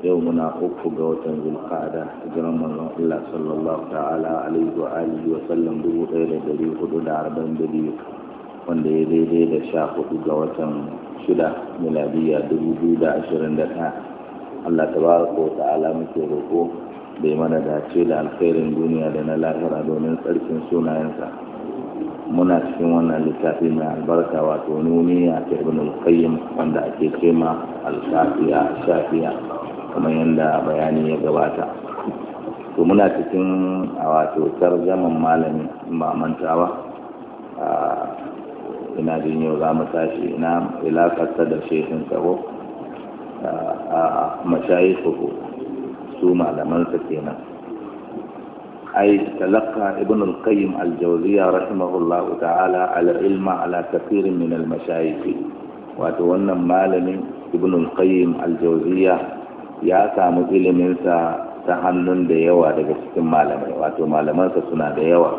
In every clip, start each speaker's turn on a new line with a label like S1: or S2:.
S1: yau muna uku ga watan zulqa'ada hijiran manzon Allah sallallahu ta'ala alaihi wa alihi wa sallam dubu ɗaya da ɗari hudu da arba'in da biyu wanda ya daidai da sha hudu ga watan shida miladiya dubu biyu da ashirin da ɗaya Allah ta ba ko ta'ala muke roƙo bai mana dace da alkhairin duniya da na lahira domin tsarkin sunayensa muna cikin wannan littafi mai albarka wato nuni a ibn al wanda ake cema al-shafiya shafiya kamar yadda bayani ya gabata to muna cikin a wato tarjaman malami ba mantawa ina jin yau za mu tashi ina ilakarta da shehin tsaro a mashayikuhu su malamansa kenan أي تلقى ابن القيم الجوزية رحمه الله تعالى على علم على كثير من المشايخ ibn al ابن القيم الجوزية ya samu iliminsa ta hannun da yawa daga cikin malamai wato malamansa suna da yawa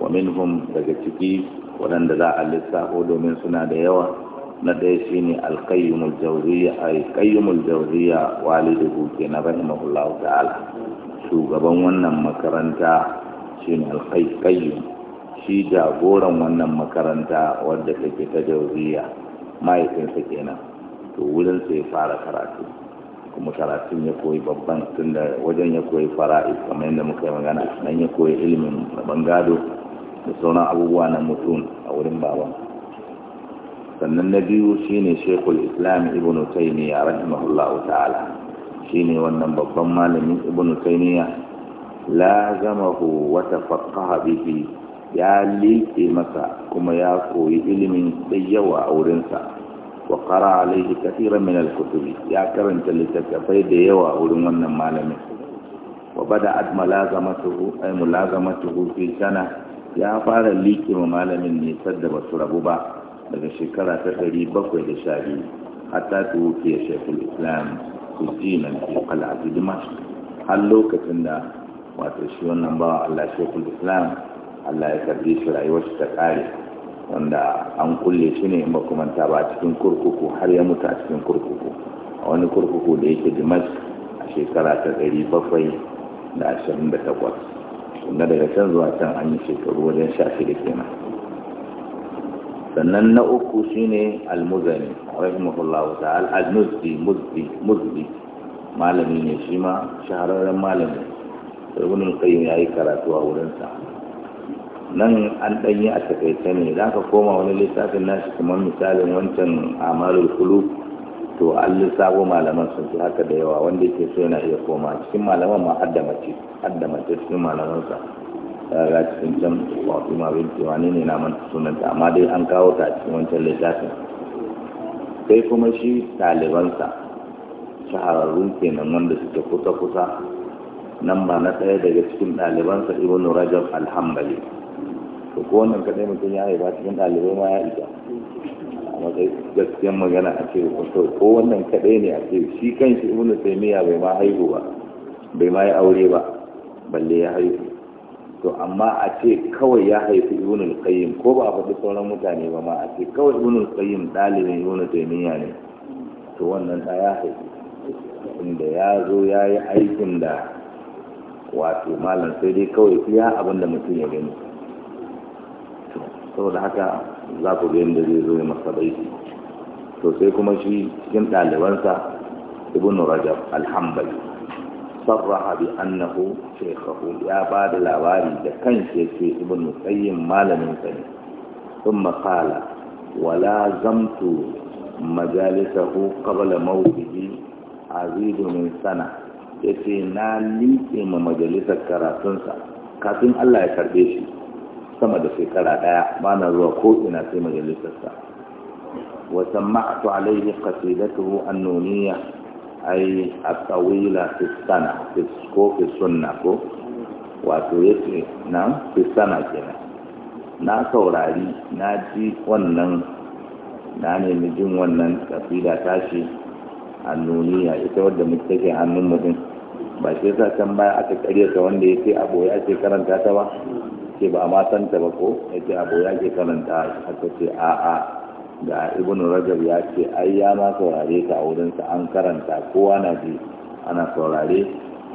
S1: wa minhum daga ciki waɗanda za a lissafo domin suna da yawa na ɗaya shi ne alƙayyumul jauriya alƙayyumul jauriya walidu ke na rahimahullahu ta'ala shugaban wannan makaranta shi ne alƙayyum shi jagoran wannan makaranta wadda take ta jauriya mahaifinsa kenan to wurin sai fara karatu kuma karatun ya koyi babban tunda wajen ya koyi fara'i kamar yadda muka yi magana nan ya koyi ilimin bangado da sauran abubuwa na mutum a wurin baban sannan na biyu shine shekul islam ibn taymiya rahimahullahu ta'ala shine wannan babban malamin ibn taymiya zamahu wa tafaqaha bihi ya liƙe masa kuma ya koyi ilimin da yawa a wurinsa wa qara alaihi kathiran min al ya karanta littattafai da yawa wurin wannan malamin wa bada'at mulazamatuhu ay mulazamatuhu fi sana ya fara liƙe wa malamin ne sadda basu rabu ba daga shekara ta ɗari bakwai da sha biyu hatta ta ya shekul islam kujinan ke kalatu dimashi har lokacin da wato shi wannan bawa allah shekul islam allah ya karbi shi rayuwar shi ta ƙare wanda an kulle shi ne ba kuma ta ba cikin kurkuku har ya mutu a cikin kurkuku a wani kurkuku da yake dimash a shekara ta ɗari bakwai da ashirin da takwas kuma daga can zuwa can an yi shekaru wajen sha shida kenan sannan na uku shine almuzani rahimahullahu al-muzdi muzdi malami ne shi ma shahararren malami ibn al-qayyim yayi karatu a wurin sa. nan an ɗanyi a takaice ne za ka koma wani lissafin nashi kamar misalin wancan amalul kulub to an lissafo malaman sun fi haka da yawa wanda yake so yana iya koma cikin malaman ma hadda mace mace cikin malamansa ta ga cikin can wasu ma bin wani ne na manta sunanta amma dai an kawo ta cikin wancan lissafin sai kuma shi ɗalibansa shahararru kenan wanda suke kusa-kusa nan ba na ɗaya daga cikin ɗalibansa ibnu rajab alhambali to ko wannan kadai mutum ya haifa cikin dalibai ma ya isa a matsayin gaskiyar magana a ce ko wannan kadai ne a ce shi kan shi ibnu taymiya bai ma haihu ba bai ma yi aure ba balle ya haihu to amma a ce kawai ya haifi ibn qayyim ko ba a faɗi sauran mutane ba ma a ce kawai ibn al-qayyim dalibin ibn taymiya ne to wannan da ya haifi inda ya zo ya yi aikin da wato malam sai dai kawai iya abin da mutum ya gani saboda haka za ku ga yadda zai zo ya masa baiti to sai kuma shi cikin ɗalibansa ibn rajab alhambali sarraha bi annahu shaykhahu ya ba da labari da kanshi yake ibn qayyim malamin sa ne thumma qala wala zamtu majalisahu qabla mawtihi azidu min sana yace na liƙe ma majalisar karatunsa kafin Allah ya karbe shi sama da shekara daya ba na zuwa ko ina sai majalisarsa wa sama'tu alayhi qasidatuhu annuniyya ay atawila fi sana fi ko fi sunna ko wato yace na fi sana kenan na saurari na ji wannan na nemi jin wannan kasida tashi annuniya ita wadda muke hannun mu mutum ba shi sa can baya aka karyata wanda yake a boye ake karanta ta ba ce ba ma san ta ba ko yake abu ya ke karanta haka ce a a da ibnu rajab ya ce ai ya ma saurare ta a wurin sa an karanta kowa na ji ana saurare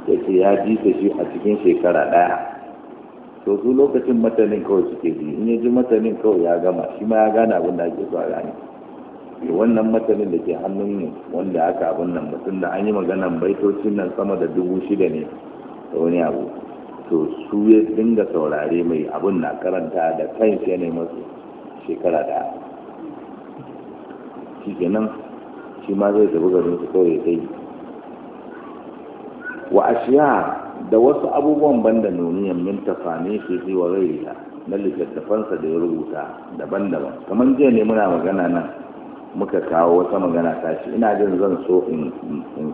S1: yace ya ji ta shi a cikin shekara daya to su lokacin matanin kawai suke ji in ya ji matanin kawai ya gama shi ma ya gane abin da ake so a gane wannan matanin da ke hannun mu wanda aka abin nan mutum da an yi maganan baitocin nan sama da dubu shida ne da wani abu to su ya dinga saurare mai abun na karanta da kan shi ne shekara da shi kenan shi ma zai tafi garin su kawai zai wa ashiya da wasu abubuwan banda nuniyan min tafane shi zai wa da na littattafansa da ya rubuta daban-daban kamar jiya ne muna magana nan muka kawo wata magana tashi ina jin zan so in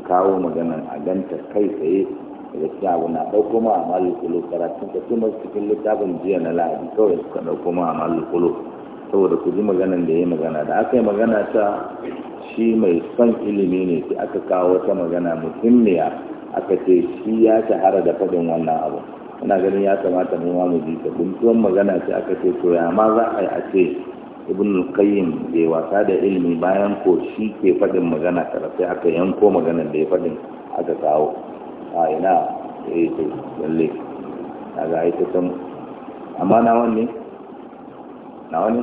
S1: kawo magana a ganta kai tsaye gaskiya abu na ɗauko ma a malin kulo karatun ka kuma cikin littafin jiya na lahadi kawai suka ɗauko ma a malin saboda ku ji maganan da ya magana da aka yi magana ta shi mai son ilimi ne sai aka kawo wata magana muhimmiya aka ce shi ya shahara da faɗin wannan abu ina ganin ya kamata mu ma mu ji ta guntuwan magana ce aka ce to ya ma za a yi a ce ibn al-qayyim bai wasa da ilimi bayan ko shi ke faɗin magana sai aka yanko maganar da ya faɗin aka kawo a ina eh ce lalle a ga ta san amma na wani na wani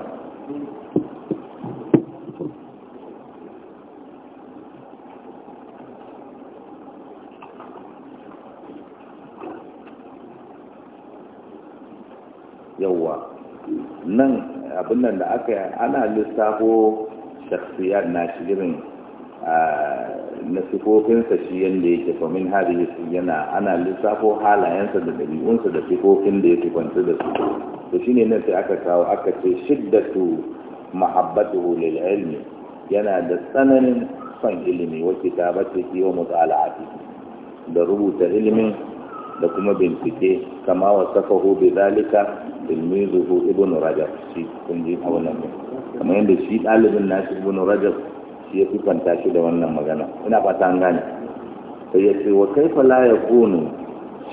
S1: yawwa nan abin nan da aka yi ana lissafo shakfiyar na shirin na sifofinsa shi yadda yake famin hari yana ana lissafo halayensa da dabi'unsa da sifofin da ya tukwanta da su to shine nan sai aka kawo aka ce shiddatu mahabbatuhu lil ilmi yana da tsananin son ilimi wa kitabatihi wa mutala'ati da rubuta ilimin da kuma bincike kama wa safahu bi zalika tilmizuhu ibn rajab shi kun ji a wannan kamar yadda shi ɗalibin nashi "Ibnu rajab shi ya kwanta shi da wannan magana ina fatan gane sai ya ce wa kaifa la yakunu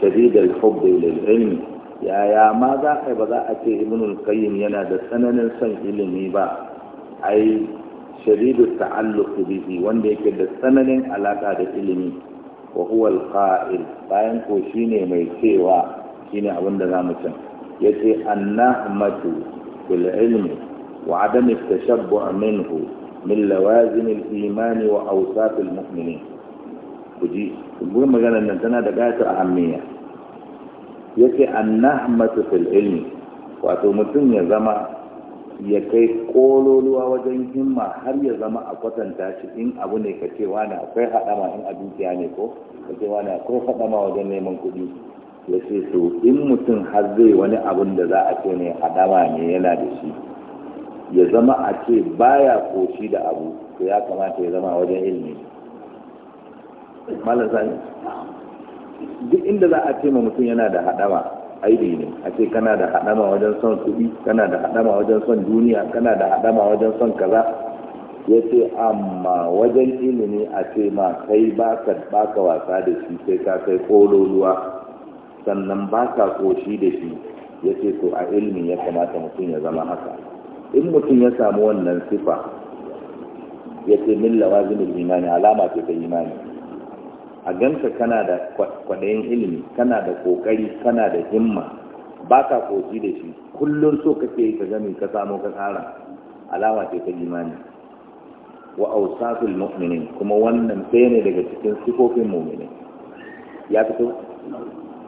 S1: shadidal hubbi lil ilmi yaya ma za ka ba za a ce ibnul qayyim yana da tsananin son ilimi ba ai shadidu ta'alluq bihi wanda yake da tsananin alaka da ilimi wa huwa al-qa'il bayan ko shine mai cewa shine abin da zamu can yace annahmatu bil ilmi wa adam at minhu min lawazin al-iman wa awsaf al-mu'minin kuji kun magana nan tana da gata ahammiya yace annahmatu fil ilmi wato mutum ya zama ya kai kololuwa wajen himma har ya zama a kwatanta shi in abu ne ka ce wani akwai hadama in a ne ko ka ce wani akwai hadama wajen neman kuɗi ya ce in mutum har zai wani abun da za a ce ne hadama ne yana da shi ya zama a ce baya koshi da abu to ya kamata ya zama wajen ilimi malam sani duk inda za a ce ma mutum yana da haɗama aibi ne a ce kana da haɗama wajen son kuɗi kana da haɗama wajen son duniya kana da haɗama wajen son kaza ya ce amma wajen ilimi a ce ma kai ba ka wasa da shi sai ka kai ruwa sannan ba ka koshi da shi ya ce to a ilimi ya kamata mutum ya zama haka in mutum ya samu wannan sifa ya ce min lawazin imani alama ce ta imani a ganka kana da kwaɗayin ilimi kana da kokari kana da himma ba ka koci da shi kullum so kake ka gami ka samu ka tsara alama ce ta imani wa ausatul mu'minin kuma wannan sai ne daga cikin sifofin mu'minin ya fito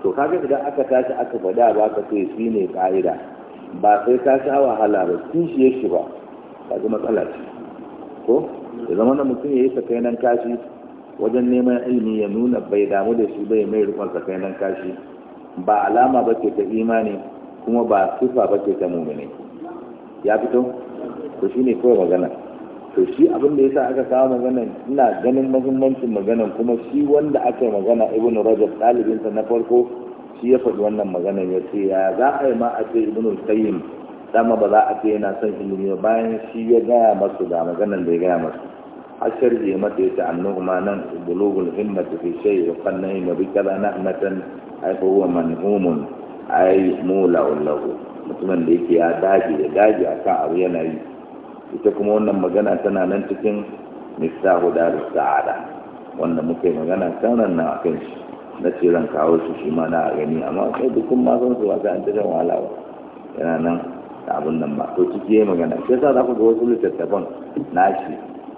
S1: to kaga idan aka tashi aka fada ba ka ce shine ne ba sai ka sha wahala ba ya shi ba ba zama matsala ce ko da zama na mutum ya yi sakainan kashi wajen neman ilimi ya nuna bai damu da shi bai mai rikon sakainan kashi ba alama ba ce ta imani kuma ba sufa ba ce ta mumini ya fito to shi ne kawai magana to shi abin da sa aka kawo magana ina ganin mahimmancin magana kuma shi wanda aka magana ibnu rajab ɗalibinsa na farko shi ya faɗi wannan magana ya ce ya za a yi ma a ce ibn al-qayyim dama ba za a ce yana son ilimi bayan shi ya gaya masu da maganan da ya gaya masu a sharhi mata ya ce annahu ma nan bulugul himmatu fi shay wa qannahi ma bi kala na'matan ay fa huwa manhumun ay mula'un lahu mutumin da yake ya dage ya dage akan abu yana yi ita kuma wannan magana tana nan cikin misahu darus sa'ada wanda muke magana kan nan akan shi na ce zan kawo su shi ma na gani amma sai dukkan ma zan su wata an ta jan wahala ba yana nan da abin nan ba to ciki ya magana sai sa za ku ga wasu littattafan nashi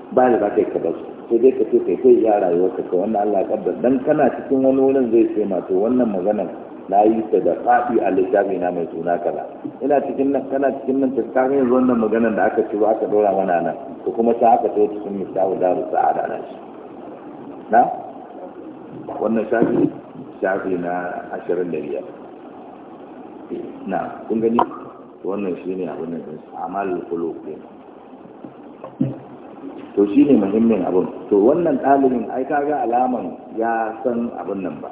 S1: ba da za ka yi ka basu sai dai ka ce kai kai ya rayuwar ka wannan Allah kaddar dan kana cikin wani wurin zai ce ma to wannan maganar na yi ta da faɗi a littafi na mai suna kala ina cikin nan kana cikin nan ta yanzu wannan maganar da aka ci ba aka dora mana nan ko kuma ta aka to cikin misawu daru sa'ada na shi na wannan shafi shafi na ashirin da biyar na kun gani wannan shi ne abin da amal kulo ne to shi ne muhimmin abin to wannan ɗalibin ai kaga alaman ya san abin nan ba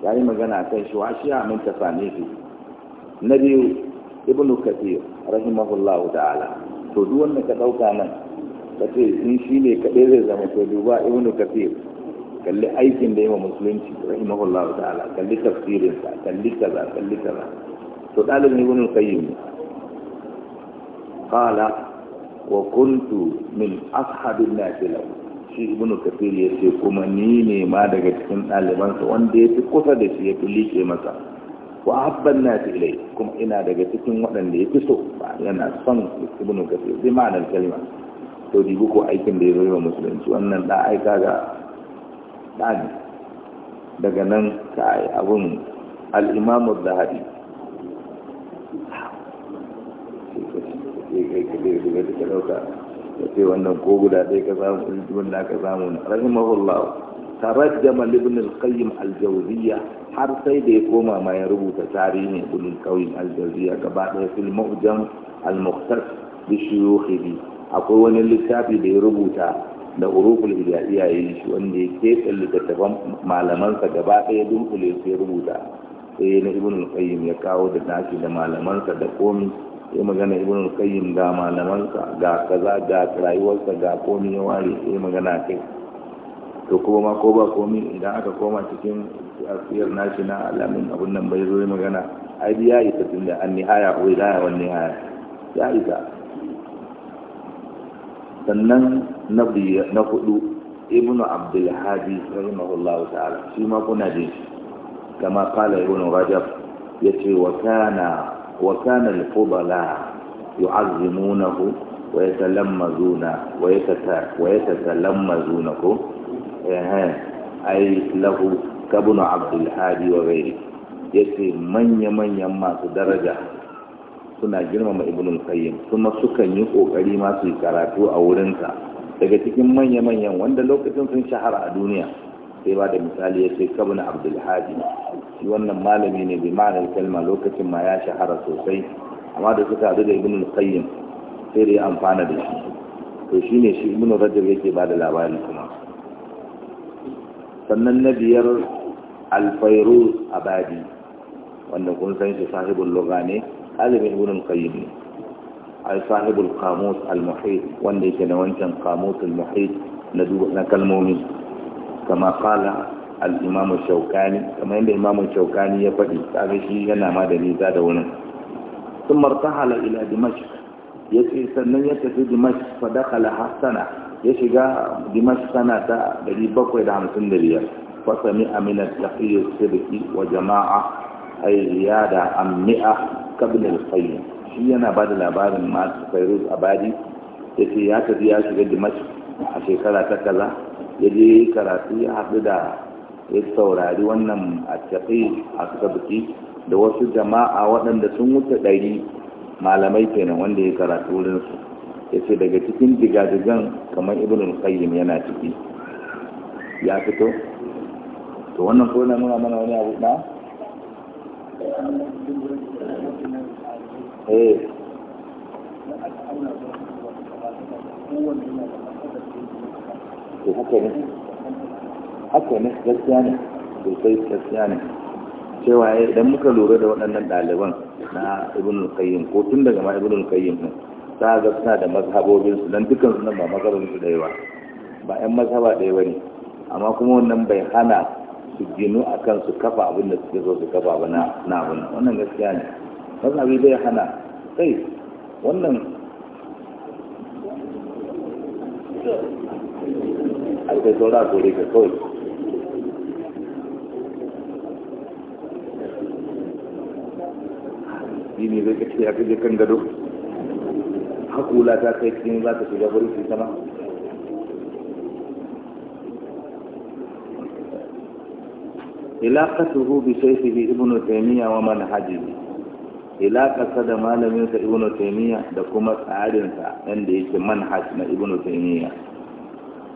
S1: ya yi magana kan shi wa shi amin ta same shi na biyu ibnu kathir rahimahullahu ta'ala to duk wanda ka ɗauka nan ka ce in shi ne kaɗai zai zama to duba ibnu kathir kalli aikin da yi wa musulunci rahimahullah ta'ala kalli tafsirin, ta kalli kaza kalli kaza to ɗalibin wani kayyum qala wa kuntu min ashabin nafila shi ibn ya yace kuma ni ne ma daga cikin ɗalibansa wanda ya fi kusa da shi ya fi liƙe masa wa habban nafi ilai kuma ina daga cikin waɗanda ya fi so yana son ibnu kathir bi ma'anar kalma to dibu ko aikin da ya zo wa musulunci wannan da aika ga ɗani daga nan ka yi abun al'imamu zahabi sai wannan ko guda ɗaya ka samu ilimin da ka samu na rahimahullahu ibn al-qayyim al har sai da ya koma ma ya rubuta tarihi ibn al-qayyim al-jawziyya gaba ɗaya fil mu'jam al-mukhtas bi akwai wani littafi da ya rubuta da urukul da ya yi shi wanda ya keɓe littattafan malamansa gaba ɗaya dunkule su ya rubuta sai na ibn al-qayyim ya kawo da nashi da malamansa da komi sai magana ibn al-qayyim ga malamansa ga kaza ga rayuwarsa ga komi ya ware sai magana kai to kuma ma ko ba komi idan aka koma cikin asiyar nashi na alamin abun nan bai zo magana ai ya isa tunda an nihaya ko ya wani nihaya ya isa sannan na biya na hudu ibnu abdul hadi rahimahullahu ta'ala shi ma kuna jin kama qala ibnu rajab yace wa kana wa kana al-fudala yu'azzimunahu wa yatalammazuna wa yatata wa yatalammazunahu eh ai lahu kabnu abdul hadi wa ghairi yace manya manyan masu daraja suna girmama ibnul qayyim kuma suka yi kokari ma su karatu a wurinsa daga cikin manya-manyan wanda lokacin sun shahara a duniya sai ba da misali ya ce kabin abdul hadi shi wannan malami ne bi ma'anar kalma lokacin ma ya shahara sosai amma da suka haɗu da ibnul qayyim sai da ya amfana da shi to shine shi ibnu rajab yake ba da labari kuma sannan na biyar alfairuz abadi wanda kun san shi sahibul lugha ne ɗalibin wurin qayyim ne ai sahibul al muhit wanda yake da wancan qamus al na kalmomi kama qala al imam shaukani kama yadda imam shaukani ya faɗi kaga shi yana ma da nisa da wurin ثم ارتحل إلى دمشق يسي سنن يتفي دمشق فدخل حسنة يشجع دمشق سنة دليل بقوة دعم سندرية فسمع من التقي wa jama'a. ay riyada an mi'a shi yana ba da labarin masu fairuz abadi ya ce ya tafi ya shiga dimashi a shekara ta kaza ya je karatu ya haɗu da ya saurari wannan a tafi a suka biki da wasu jama'a waɗanda sun wuce ɗari malamai kenan wanda ya karatu wurinsu ya ce daga cikin jigajigan kamar ibn al-qayyim yana ciki ya fito to wannan ko na nuna mana wani abu na eh haka ne gaskiya ne sosai gaskiya ne cewa eh, idan muka lura da waɗannan ɗaliban na ibn al-qayyim ko tun daga ma ibn al-qayyim ne ta ga suna da mazhabobin su dan dukkan nan ba mazhabin su da yawa ba ƴan mazhaba da yawa ne amma kuma wannan bai hana su ginu a kan su kafa abin da suke so su kafa ba na abin wannan gaskiya ne mazhabi bai hana sai wannan a kai saura kore ka kawai shi ne zai kace ya kaje kan gado hakula ta kai cikin za ta shiga wurin sama ilaƙatuhu bi shaikhihi ibnu taymiya wa manhajihi ilaƙarsa da malaminsa ibnu taymiya da kuma tsarinsa yadda yake manhaj na ibnu taymiya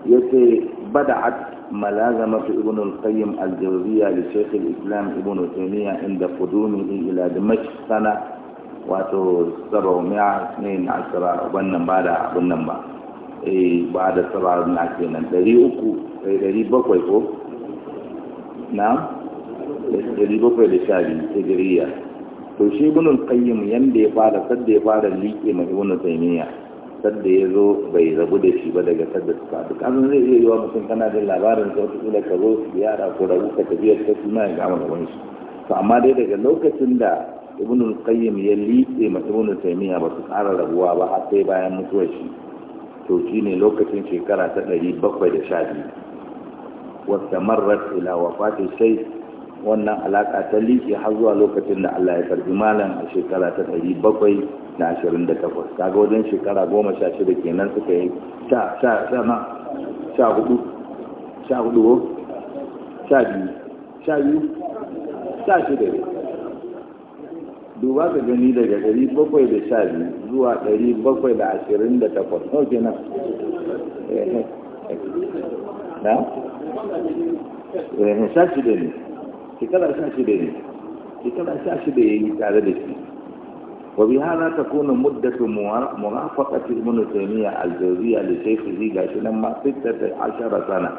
S1: yace bada'at ملازمة ابن القيم الجوزية لشيخ الإسلام ابن تيمية عند قدومه إلى دمشق سنة واتو سبعمائة اثنين عشر ba da وبنن بعد بعد سبعة na ɗari bakwai da sha biyu hijiriya to shi ibn al-qayyim yanda ya fara sadda ya fara liƙe mai ibn taymiya sadda ya zo bai rabu da shi ba daga sadda suka duk abin zai iya yiwa mutum kana da labarin sa wata kila ka zo yara ko rabu ka tafiya ta suna ya gama da wani shi to amma dai daga lokacin da ibn al-qayyim ya liƙe mai ibn taymiya ba su ƙara rabuwa ba har sai bayan mutuwar shi to shine lokacin shekara ta ɗari bakwai da sha biyu واستمرت إلى وفاة sai wannan alaƙa ta liƙe har zuwa lokacin da Allah ya karbi malam a shekara ta ɗari bakwai da ashirin da takwas kaga wajen shekara goma sha shida kenan suka yi sha sha na sha hudu sha hudu ko sha biyu sha biyu sha shida ne duba ka gani daga ɗari bakwai da sha biyu zuwa ɗari bakwai da ashirin da takwas nau kenan eh, eh. na Eh, sha shida ne shekara sha da ne shekara sha shida ya yi tare da shi wa bi hana ta kuna muddatu murafaqati ibn taymiya al-jawziya li shaykhihi gashi nan ma 16 sana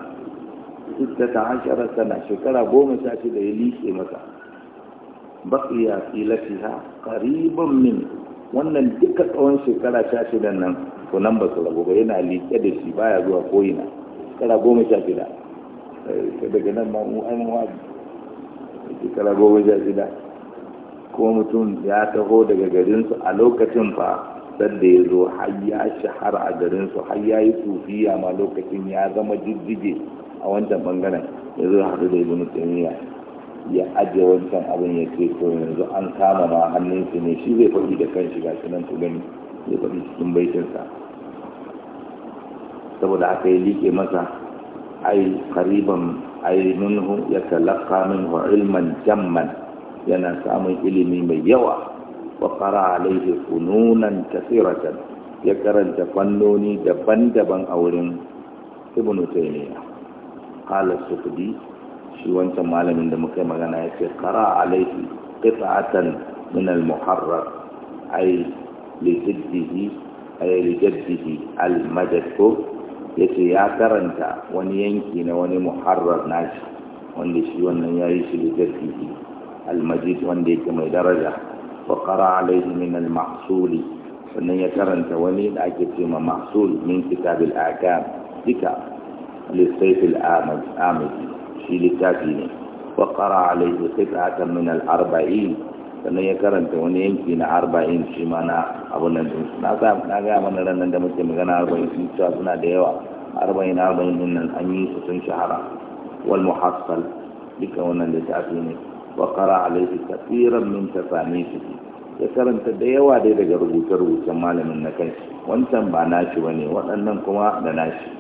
S1: 16 sana shekara goma sha shida ya liƙe masa baqiya fi lafiha qariban min wannan duka tsawon shekara sha shidan nan to nan ba su rabu ba yana liƙe da shi baya zuwa ko koyina shekara goma sha shida Eh, daga nan ma mu an wadi kala goma ja gida kuma mutum ya taho daga garinsu a lokacin fa sanda ya zo har ya shahara a garinsu har ya yi sufiya ma lokacin ya zama jijjige a wancan bangaren ya zo haɗu da ibn tsaniya ya ajiye wancan abin ya ce to yanzu an kama ma hannun shi ne shi zai faɗi da kan shiga shi nan ku gani zai faɗi cikin baitinsa saboda haka ya liƙe masa ai qariban ai minhu min minhu ilman jamman yana samun ilimi mai yawa wa qara alaihi fununan kathiratan ya karanta fannoni daban-daban a wurin ibn taymiya qala sufdi shi wancan malamin da muka magana ya ce qara alaihi qita'atan min al-muharrar ai li jaddihi ay li jaddihi al-madad yace ya karanta wani yanki na wani muharrar nashi wanda shi wannan ya yi shi littafi almajid wanda yake mai daraja wa qara alaihi min almahsul sannan ya karanta wani da ake ce ma mahsul min kitabil akam duka lissayf al-amid shi littafi ne wa qara alaihi qit'atan min al sannan ya karanta wani yanki na arba'in shi ma na abun nan din na sa na gaya mana ranar da muke magana arba'in sun cewa suna da yawa arba'in arba'in din nan an yi su sun shahara wal muhassal duka wannan littafi ne wa qara alayhi kathiran min tasanifihi ya karanta da yawa dai daga rubuce-rubucen malamin na kai wancan ba nashi bane waɗannan kuma da nashi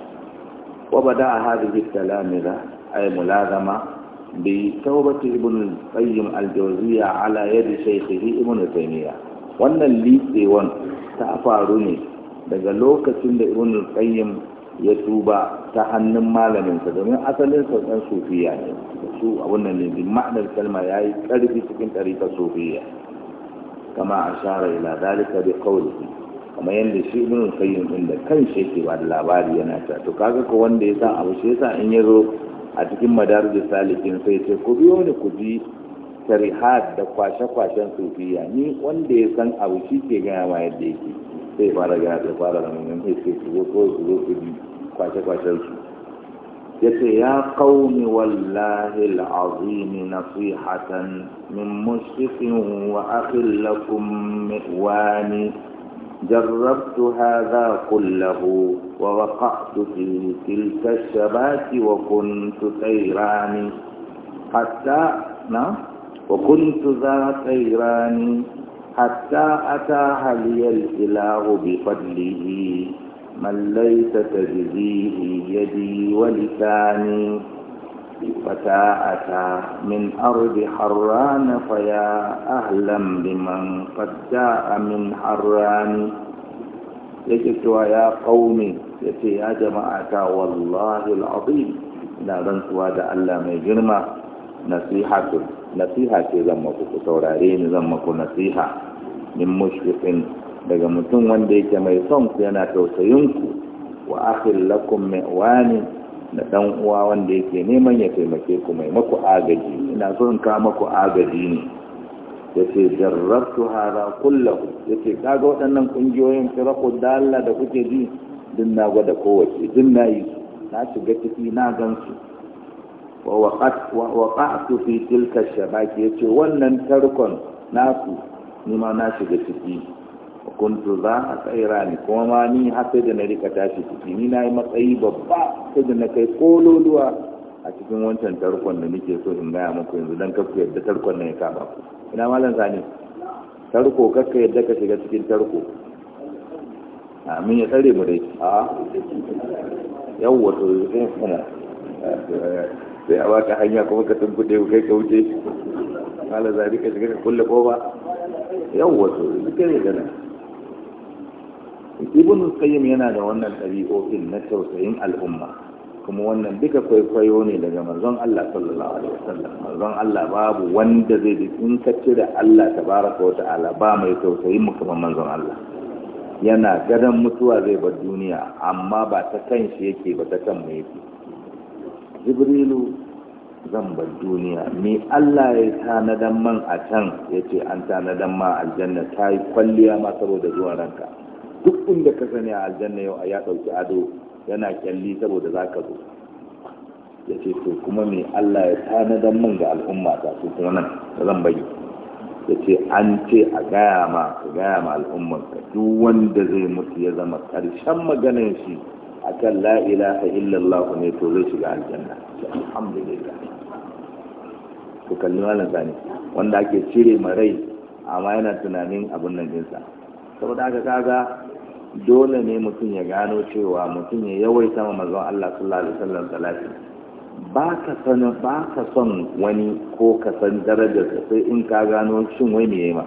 S1: wa bada hadhihi talamira ay mulazama بتوبة ابن القيم الجوزية على يد شيخه ابن تيمية wannan litsewan ta faru ne daga lokacin da ibn qayyim ya tuba ta hannun malaminsa domin asalin sauƙan sufiya ne su abun nan ne ma'anar kalma ya yi ƙarfi cikin ɗarikar sufiya kama a shara ila dalika bi qawlihi kama yadda shi ibn qayyim din da kan shi ba da labari yana ta to kaga ko wanda ya sa abu shi yasa in ya zo a cikin da salikin sai ce ku biyo ni ku ji sharihat da kwashe-kwashen sufiya ni wanda ya san abu shi ke gaya ma yadda yake sai fara gaya da fara da mun sai su zo su zo su ji kwashe-kwashen su ya ce ya qaumi wallahi alazim nasihatan min mushfiqin wa akhillakum miwani جربت هذا كله ووقعت في تلك الشبات وكنت طيران حتى نعم وكنت ذا طيران حتى أتاها لي الإله بفضله من ليس تجزيه يدي ولساني فتاءتا من أرض حران فيا أهلا بمن قد جاء من حران يجد يا قومي يتي يا جماعة والله العظيم لا رنسوا هذا ألا ما يجرم نصيحة نصيحة كذا ما كنت زما كنت نصيحة من مشفق daga mutum wanda yake mai son ku yana tausayinku wa akhil lakum mi'wanin na dan uwa wanda yake neman ya taimake ku mai maku agaji ina so in ka maku agaji ne yace jarrabtu hada kullahu yace kaga waɗannan ƙungiyoyin kira dalla da kuke ji din na gwada kowace din na yi na shiga ciki na gansu wa waqa'tu fi tilka shabaki yace wannan tarkon nasu ni ma na shiga ciki kuntu za a tsaira ni kuma ma ni har sai da na rika tashi ciki ni na yi matsayi babba sai da na kai kololuwa a cikin wancan tarkon da nake so in gaya muku yanzu don kafa yadda tarkon na ya kama ku ina malam sani tarko kakka yadda ka shiga cikin tarko amin ya tsare mu dai a yau wato zai sana sai a baka hanya kuma ka tumbuɗe kai ka wuce malam zari ka shiga ka kulle ko ba yau wato zai kare gana ibn qayyim yana da wannan ɗabi'o'in na tausayin al'umma kuma wannan duka kwaikwayo ne daga manzon Allah sallallahu alaihi wasallam manzon Allah babu wanda zai bi in ka da Allah tabaraka wa ta'ala ba mai tausayin mu kamar manzon Allah yana gadan mutuwa zai bar duniya amma ba ta kanshi yake ba ta kan mai yake jibrilu zan bar duniya me Allah ya tanadan man a can yace ce an tanadan ma aljanna ta yi kwalliya ma saboda zuwan ranka duk inda ka sani a aljanna yau a ya ɗauki ado yana kyalli saboda za ka zo ya ce to kuma me Allah ya tanadan min ga al'umma ta su kuma nan da zan bayi ya ce an ce a gaya ma ka gaya ma al'umman ka duk wanda zai mutu ya zama ƙarshen maganar shi akan la'ila ta illallahu ne to zai shiga aljanna alhamdulillah ku kalli malam sani wanda ake cire marai. amma yana tunanin abin nan dinsa saboda haka kaga dole ne mutum ya gano cewa mutum ya yawaita ma mazan Allah sallallahu alaihi wasallam ba ka ba ka son wani ko ka san darajarsa sai in ka gano shin wai me yayi ma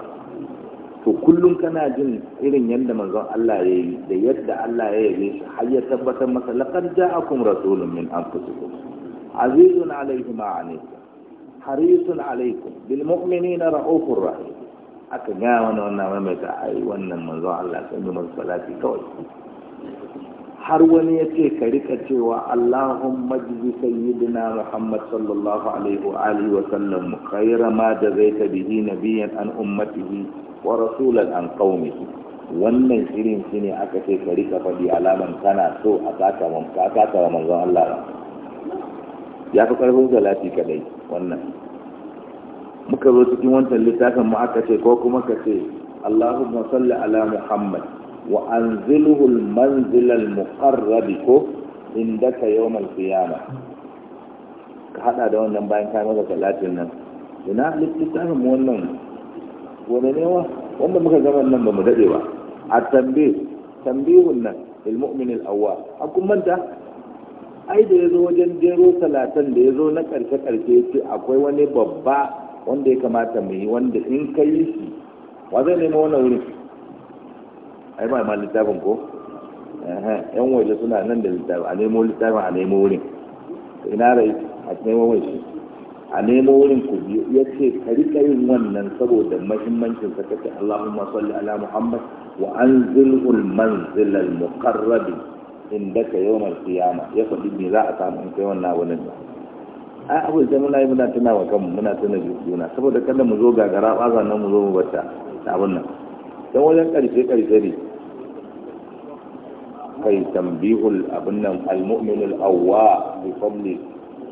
S1: to kullum kana jin irin yadda manzon Allah ya yi da yadda Allah ya yi shi har ya tabbatar masa laqad ja'akum rasulun min anfusikum azizun alayhi harisun alaykum bil mu'minina ra'ufur rahim aka gaya wani wannan maimaita ai wannan manzon Allah sai mu masa salati kawai har wani ya ce ka rika cewa Allahumma jzi sayyidina Muhammad sallallahu alaihi wa alihi wa sallam khayra ma jazaita bihi nabiyyan an ummatihi wa rasulan an qaumihi wannan irin shi ne aka ce ka rika faɗi alaman kana so a saka manzon Allah ya fi karfin salati kadai wannan muka zo cikin wancan littafin mu aka ce ko kuma ka ce Allahumma salli ala Muhammad wa anzilhu al-manzil al-muqarrab ko indaka yawm al-qiyama ka hada da wannan bayan kai maka salatin nan ina littafin mu wannan wani ne wa wanda muka gama nan ba mu dade ba a tambi tambihun nan al-mu'min al-awwal akun manta ai da yazo wajen jero talatin da yazo na karshe karshe ce akwai wani babba wanda ya kamata mu yi wanda in ka yi shi wa zai nemo wani wuri ai ba ma littafin ko yan waje suna nan da littafin a nemo littafin a nemo wurin ina rai a nemo wani shi a nemo wurin ku ya ce ka rika yin wannan saboda mahimmancin sa kace Allahumma salli ala Muhammad wa anzilul manzil al muqarrab indaka yawm al qiyamah ya faɗi me za a samu in kai wannan wannan ai abin sai muna yi muna tuna wa kanmu muna tuna juna saboda kada mu zo gagara ɓaza nan mu zo mu bata da abin nan don wajen ƙarshe ƙarshe ne kai tambihul abin nan almu'minul awwa bi fadli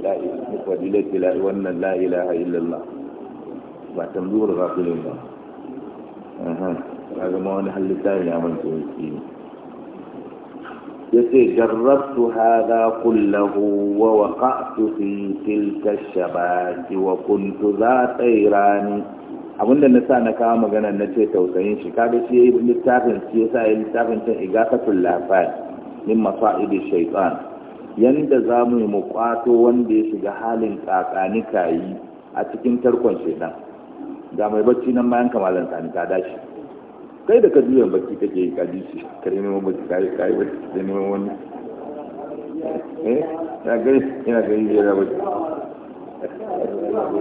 S1: la ilaha illa wannan la ilaha illallah ba tambihul ghafilin ba kaga ma wani halitta ya manta yake ne yace jarrabtu hada kullahu wa waqa'tu fi tilka shabati wa kuntu za tsairani abinda na sa na kawo magana na ce tausayin shi kaga shi yayi littafin shi yasa yayi littafin ta igafatul lafat min masa'idi shaytan yanda zamu mu kwato wanda ya shiga halin kakani kayi a cikin tarkon shaytan ga mai bacci nan bayan kamalan tsani ka dashi kai da ka juya baki kake yi kaji shi ka yi neman baki kai kayi baki da neman wani eh na gani ina gani jira baki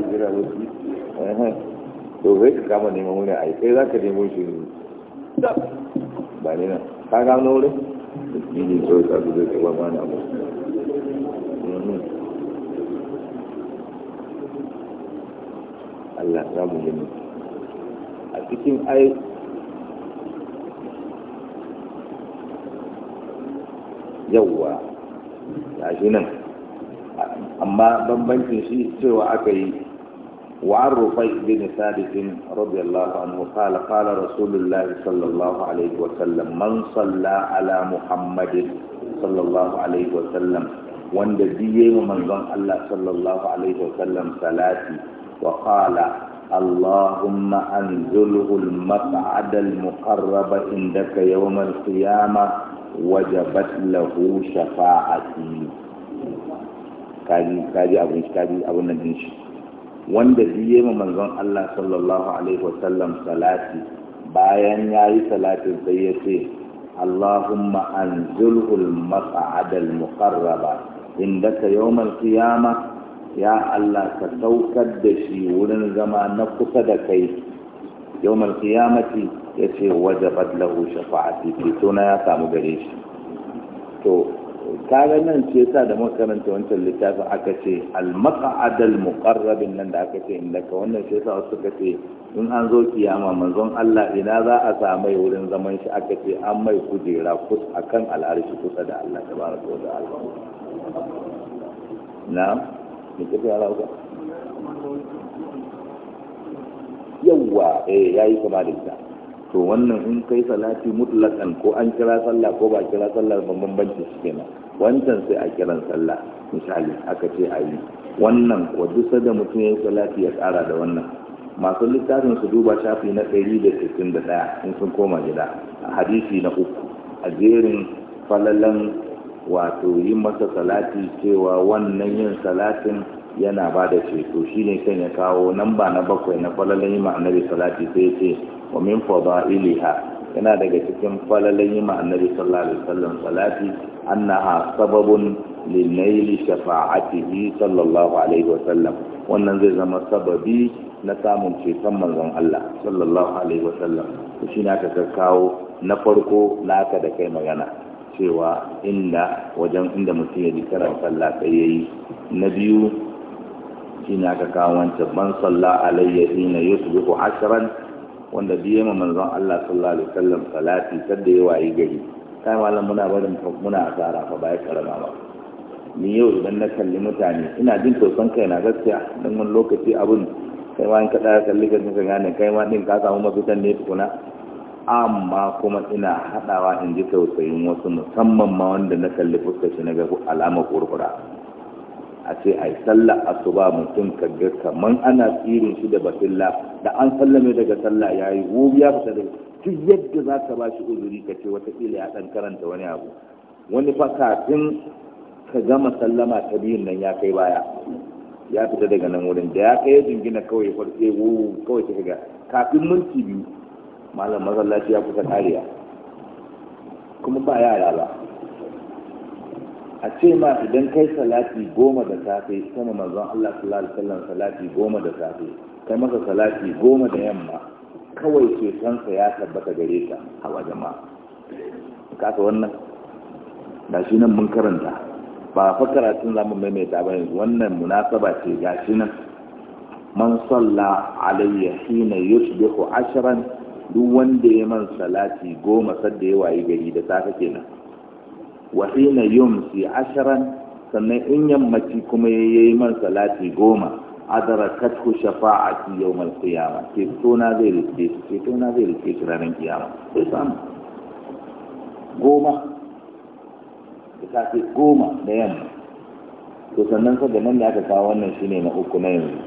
S1: jira baki to kai ka kama neman wani ai kai za ka nemo shi ne ba ne na ka gano wurin ne ne so ka zuwa ka ba mana ba Allah ya mu ne a cikin ai Yau ya shi amma bambancin shi cewa aka yi wa an rufa ibn sadiqin radiyallahu anhu qala qala rasulullahi sallallahu alaihi wa sallam man salla ala muhammadin sallallahu alaihi wa sallam wanda biye mu manzon Allah sallallahu alaihi wa sallam salati wa qala اللهم أنزله المقعد المقرب عندك يوم القيامة wajabat lahu shafa'ati kaji kaji abin kaji abin nan shi wanda biye ma manzon Allah sallallahu alaihi wasallam salati bayan yayi salatin sai ya ce Allahumma anzilhu al-maq'ad al-muqarraba indaka yawm al-qiyamah ya Allah ka saukar da shi wurin zama na kusa da kai yau mal kiyamati ya ce wajabat lahu shafa'ati ceto na ya samu gare shi to kaga nan ce sa da makaranta wancan littafin aka ce al-maq'adal muqarrabin nan da aka ce inda ka wannan ce wasu suka ce in an zo kiyama manzon Allah ina za a samu wurin zaman shi aka ce an mai kujera kus akan al'arshi kusa da Allah tabaraka wa ta'ala na me kike ala yawwa eh yayi kama da ita to wannan in kai salati mutlakan ko an kira sallah ko ba kira sallah ban bambanci shi kenan wancan sai a kiran sallah misali aka ce a yi wannan kuwa duk da mutum ya salati ya tsara da wannan masu littafin su duba shafi na ɗari da ɗaya in sun koma gida a hadisi na uku a jerin falalan wato yin masa salati cewa wannan yin salatin yana ba da ceto shi ne kan ya kawo nan ba na bakwai na falalan yi annabi salati sai ce wa min fadailiha yana daga cikin falalan yi annabi sallallahu alaihi wasallam salati annaha sababun linaili shafa'atihi sallallahu alaihi wasallam wannan zai zama sababi na samun ceton manzon Allah sallallahu alaihi wasallam shi ne aka kawo na farko naka da kai magana cewa inda wajen inda mutum ya ji karan sallah sai yayi na biyu shi aka kawo wancan man salla alayya hina yusbihu ashran wanda biye ma manzon Allah sallallahu alaihi wasallam salati sadda ya wayi gari kai malam muna barin muna asara fa bai karama ba ni yau idan na kalli mutane ina jin tausan kai na gaskiya dan mun lokaci abun kai ma in ka kalli ka ka gane kai ma din ka samu mafitan ne tukuna amma kuma ina hadawa in ji tausayin wasu musamman ma wanda na kalli fuskar shi na ga alama kurkura a ce a yi sallar asuba mutum kaga kaman ana tsirin shi da basilla da an sallame daga sallah ya yi wobi ya fita daga shi yadda za ka ba shi uzuri ka ce watakila ya ɗan karanta wani abu wani fa kafin ka gama sallama ta biyun nan ya kai baya ya fita daga nan wurin da ya kai ya jingina kawai farce kawai ta kafin minti biyu malam masallaci ya kusa kariya kuma ba yara ba a ce ma idan kai salati goma da safe sama manzon Allah sallallahu alaihi wasallam salati goma da safe kai masa salati goma da yamma kawai ce cetonsa ya tabbata gare ka wajen ma kasa wannan da shi nan mun karanta ba fa karatun zamu maimaita ba yanzu wannan munasaba ce ga shi nan man salla alayya hina yusbihu ashran duk wanda ya man salati goma sadda ya wayi gari da safe kenan wa hina yumsi asharan sannan in yammaci kuma ya yi man salati goma adarakathu shafa'ati yawmal qiyamah ke tona zai rike shi ke tona zai rike shi ranar kiyama sai samu goma da safe goma da yamma to sannan saboda nan da aka kawo wannan shine na uku na yanzu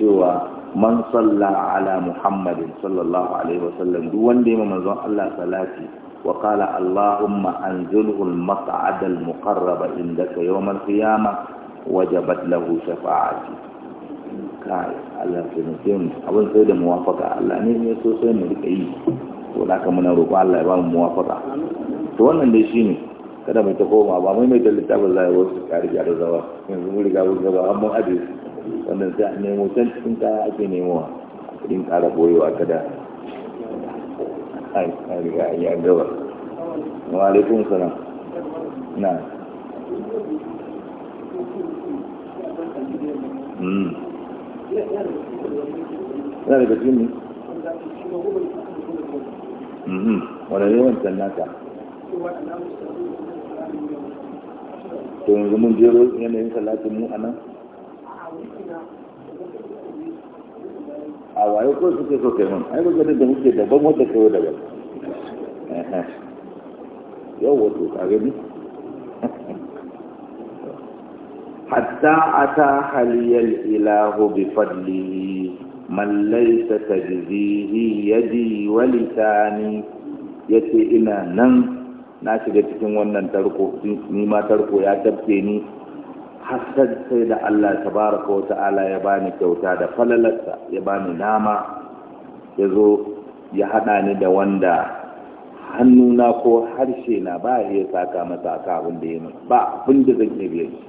S1: cewa man salla ala muhammadin sallallahu alaihi wasallam duk wanda ya manzon Allah salati وقال اللهم أنزله المقعد المقرب عندك يوم القيامة وجبت له شفاعتي kai Allah ke mu abin sai da muwafaka Allah ne ne so sai mu rika yi to da kuma muna roƙo Allah ya muwafaka wannan dai shine kada mu ta koma ba mai mai da littafin zai wasu kare ya da zawa yanzu mun riga mun gaba amma mun wannan sai a nemo can cikin kaya ake nemowa kudin kara boyewa kada a riga a yi gaba wa na hmm. yana daga hmm. wane ne wancan yawan to yanzu mun jero yanayin salatin mu a nan a wayo ko suke so kai mun ai lokacin da muke daban wata kai daban yau wato ka gani hatta ata haliyal ilahu bi fadli man laysa tajzihi yadi wa lisani yace ina nan na shiga cikin wannan tarko ni ma tarko ya tabbe ni hasad sai da Allah tabaraka wa ta'ala ya bani kyauta da falalarsa ya bani nama ya zo ya hada ni da wanda hannuna ko harshe na ba iya saka masa aka abin da ya mun ba abin da zan iya biyan shi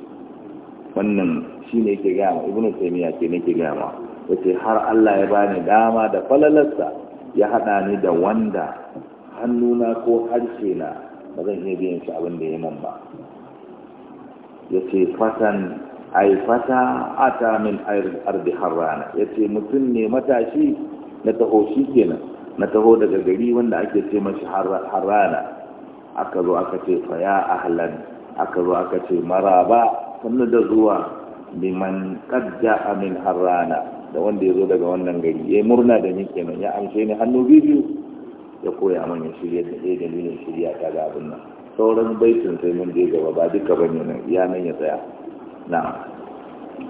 S1: wannan shi ne ke gama ibnu taymiya ke ne ke gama wace har Allah ya bani dama da falalarsa ya hada ni da wanda hannuna ko harshe na ba zan iya biyan shi abin da ya mun ba yace fatan ai fata ata min ardi harrana yace ce mutum ne matashi na taho shi kenan na taho daga gari wanda ake ce mashi harrana aka zo aka ce faya ahlan aka zo aka ce maraba sannu da zuwa biman a min harana da wanda ya zo daga wannan gari ya murna da ni kenan ya amshe ni hannu biyu ya koya mana shirya da ɗaya dalilin shirya ta ga abun nan sauran baitin sai mun je gaba ba duka bane nan ya nan ya tsaya na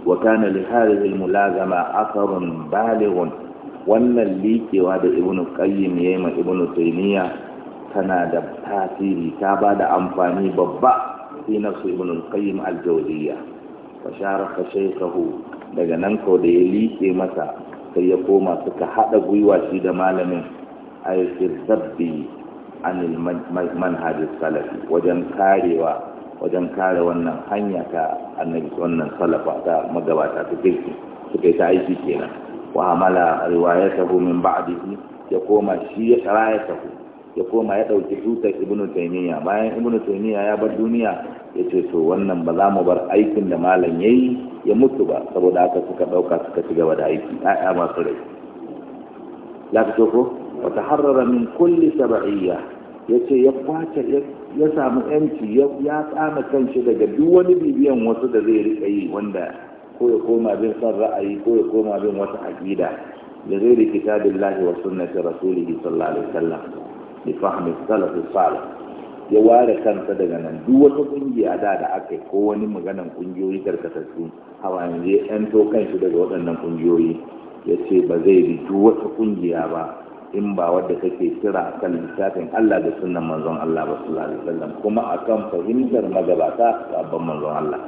S1: wa kana li hadhihi al mulazama atharun balighun wannan likewa da ibnu qayyim yayi ma ibnu taymiya tana da tasiri ta ba da amfani babba fi nafsi ibnu qayyim al jawziyya wa sharaka daga nan ko da ya like masa sai ya koma suka hada gwiwa shi da malamin ay fi anil manhajis salafi wajen karewa wajen kare wannan hanya ta annabi wannan salafa ta magabata ta kirki su yi ta aiki kenan wa hamala riwayatahu min ba'dihi ya koma shi ya tsarayatahu ya koma ya dauki tutar ibnu taymiya bayan ibnu taymiya ya bar duniya ya ce to wannan ba za mu bar aikin da malam yayi ya mutu ba saboda haka suka dauka suka ci gaba da aiki a'a masu rai ya fito ko wata harrara min kulli sab'iyya ya ce ya kwace ya samu yanci ya tsama kanshi daga duk wani bibiyan wasu da zai rika yi wanda ko ya koma bin son ra'ayi ko ya koma bin wata aƙida da zai rikita billahi wa sunnati rasulihi sallallahu alaihi wasallam li fahmi salaf salih ya ware kansa daga nan duk wata kungiya da da aka ko wani maganan kungiyoyi karkatattu hawa yanzu ya yanto kanshi daga waɗannan kungiyoyi ya ce ba zai bi duk wata kungiya ba in ba wadda take kira kan littafin Allah da sunnan manzon Allah ba sallallahu alaihi wasallam kuma akan fahimtar magabata sabon manzon Allah